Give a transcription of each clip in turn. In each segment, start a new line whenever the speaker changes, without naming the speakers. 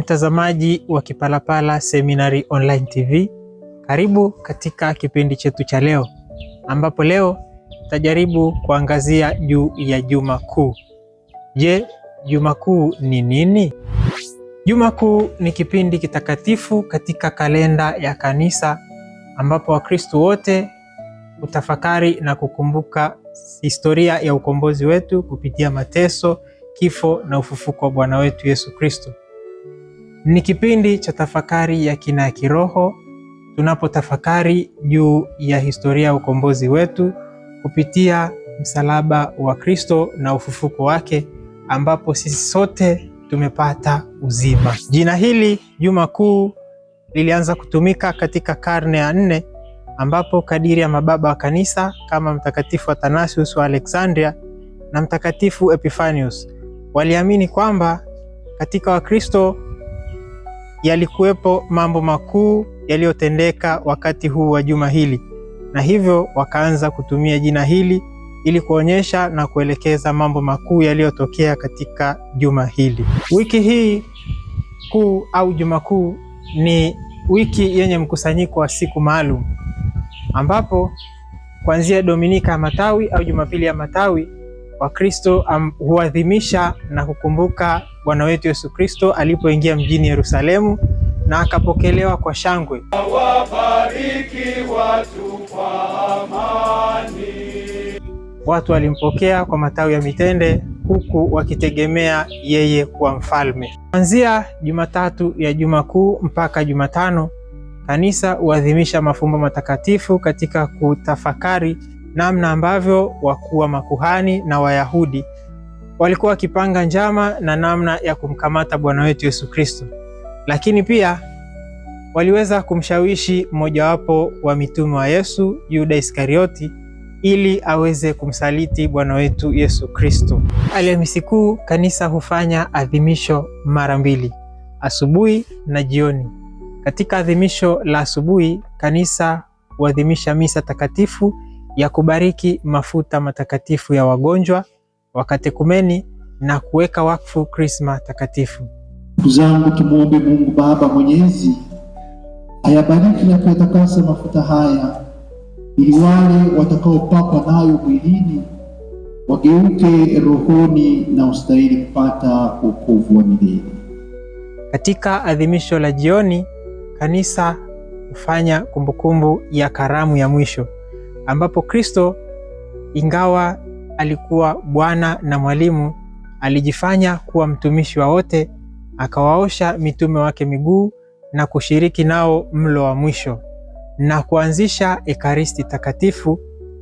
mtazamaji wa Kipalapala Seminary Online TV, karibu katika kipindi chetu cha leo, ambapo leo tutajaribu kuangazia juu ya Juma Kuu. Je, Juma Kuu ni nini? Juma Kuu ni kipindi kitakatifu katika kalenda ya Kanisa, ambapo Wakristo wote utafakari na kukumbuka historia ya ukombozi wetu kupitia mateso, kifo na ufufuko wa Bwana wetu Yesu Kristo. Ni kipindi cha tafakari ya kina ya kiroho, tunapotafakari juu ya historia ya ukombozi wetu kupitia msalaba wa Kristo na ufufuko wake, ambapo sisi sote tumepata uzima. Jina hili Juma Kuu lilianza kutumika katika karne ya nne, ambapo kadiri ya mababa wa kanisa kama Mtakatifu Athanasius wa Alexandria na Mtakatifu Epifanius waliamini kwamba katika Wakristo yalikuwepo mambo makuu yaliyotendeka wakati huu wa juma hili, na hivyo wakaanza kutumia jina hili ili kuonyesha na kuelekeza mambo makuu yaliyotokea katika juma hili. Wiki hii kuu au juma kuu ni wiki yenye mkusanyiko wa siku maalum, ambapo kuanzia Dominika ya Matawi au Jumapili ya Matawi Wakristo huadhimisha na kukumbuka Bwana wetu Yesu Kristo alipoingia mjini Yerusalemu na akapokelewa kwa shangwe. Wabariki watu kwa amani. Watu walimpokea kwa matawi ya mitende huku wakitegemea yeye kuwa mfalme. Kuanzia Jumatatu ya Juma Kuu mpaka Jumatano, kanisa huadhimisha mafumbo matakatifu katika kutafakari namna ambavyo wakuu wa makuhani na Wayahudi walikuwa wakipanga njama na namna ya kumkamata Bwana wetu Yesu Kristo, lakini pia waliweza kumshawishi mmojawapo wa mitume wa Yesu, Yuda Iskarioti, ili aweze kumsaliti Bwana wetu Yesu Kristo. Alhamisi Kuu kanisa hufanya adhimisho mara mbili, asubuhi na jioni. Katika adhimisho la asubuhi, kanisa huadhimisha misa takatifu ya kubariki mafuta matakatifu ya wagonjwa wakatekumeni na kuweka wakfu Krisma takatifu.
Ndugu zangu, tumwombe Mungu Baba Mwenyezi ayabariki na kuyatakasa mafuta haya, ili wale watakaopakwa nayo mwilini wageuke rohoni na ustahili kupata wokovu wa milele.
Katika adhimisho la jioni, kanisa hufanya kumbukumbu ya karamu ya mwisho ambapo Kristo ingawa alikuwa Bwana na mwalimu, alijifanya kuwa mtumishi wa wote, akawaosha mitume wake miguu na kushiriki nao mlo wa mwisho na kuanzisha Ekaristi Takatifu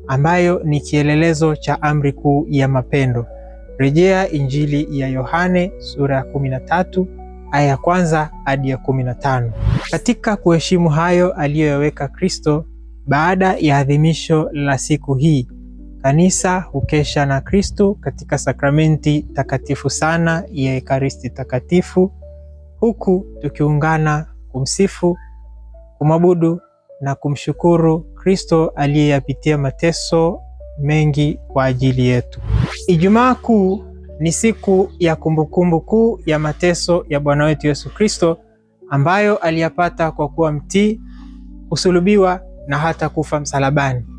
ambayo ni kielelezo cha amri kuu ya mapendo. Rejea Injili ya Yohane sura ya 13 aya ya kwanza hadi ya 15. Katika kuheshimu hayo aliyoyaweka Kristo, baada ya adhimisho la siku hii Kanisa hukesha na Kristo katika sakramenti takatifu sana ya Ekaristi Takatifu, huku tukiungana kumsifu, kumwabudu na kumshukuru Kristo aliyeyapitia mateso mengi kwa ajili yetu. Ijumaa Kuu ni siku ya kumbukumbu kuu ya mateso ya Bwana wetu Yesu Kristo ambayo aliyapata kwa kuwa mtii, kusulubiwa na hata kufa msalabani.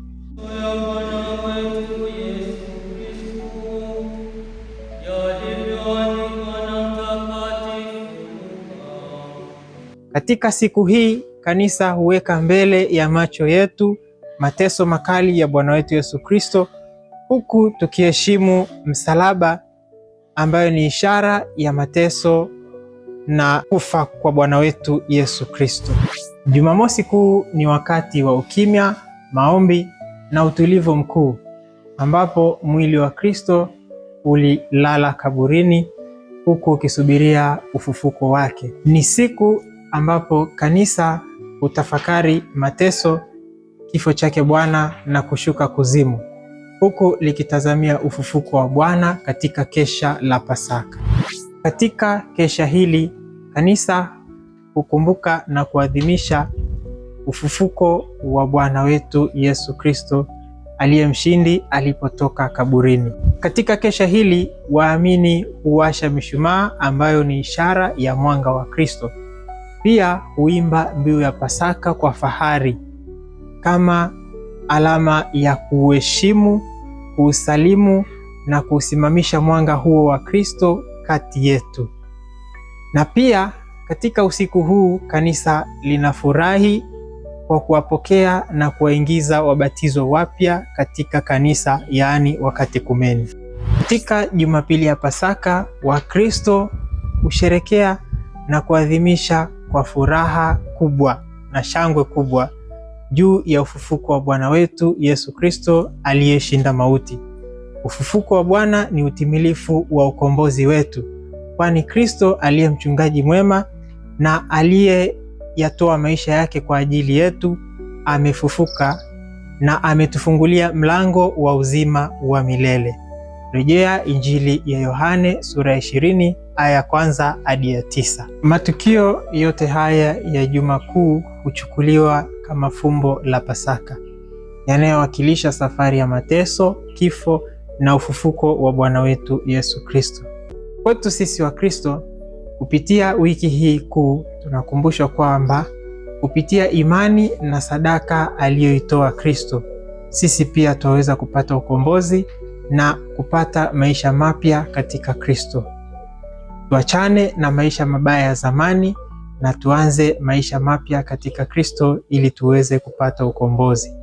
Katika siku hii kanisa huweka mbele ya macho yetu mateso makali ya Bwana wetu Yesu Kristo, huku tukiheshimu msalaba ambayo ni ishara ya mateso na kufa kwa Bwana wetu Yesu Kristo. Jumamosi Kuu ni wakati wa ukimya, maombi na utulivu mkuu, ambapo mwili wa Kristo ulilala kaburini huku ukisubiria ufufuko wake. Ni siku ambapo kanisa hutafakari mateso, kifo chake Bwana na kushuka kuzimu, huku likitazamia ufufuko wa Bwana katika kesha la Pasaka. Katika kesha hili kanisa hukumbuka na kuadhimisha ufufuko wa Bwana wetu Yesu Kristo aliye mshindi alipotoka kaburini. Katika kesha hili waamini huwasha mishumaa ambayo ni ishara ya mwanga wa Kristo. Pia huimba mbiu ya Pasaka kwa fahari kama alama ya kuheshimu, kuusalimu na kuusimamisha mwanga huo wa Kristo kati yetu. Na pia katika usiku huu kanisa linafurahi kwa kuwapokea na kuwaingiza wabatizo wapya katika kanisa, yaani wakatekumeni. Katika Jumapili ya Pasaka, Wakristo husherekea na kuadhimisha kwa furaha kubwa na shangwe kubwa juu ya ufufuko wa Bwana wetu Yesu Kristo aliyeshinda mauti. Ufufuko wa Bwana ni utimilifu wa ukombozi wetu, kwani Kristo aliye mchungaji mwema na aliyeyatoa maisha yake kwa ajili yetu amefufuka na ametufungulia mlango wa uzima wa milele. Rejea Injili ya Yohane sura ya 20 aya ya kwanza hadi ya tisa. Matukio yote haya ya Juma Kuu huchukuliwa kama fumbo la Pasaka yanayowakilisha safari ya mateso, kifo na ufufuko wa Bwana wetu Yesu Kristo. Kwetu sisi wa Kristo, kupitia wiki hii kuu tunakumbushwa kwamba kupitia imani na sadaka aliyoitoa Kristo, sisi pia tunaweza kupata ukombozi na kupata maisha mapya katika Kristo. Tuachane na maisha mabaya ya zamani na tuanze maisha mapya katika Kristo ili tuweze kupata ukombozi.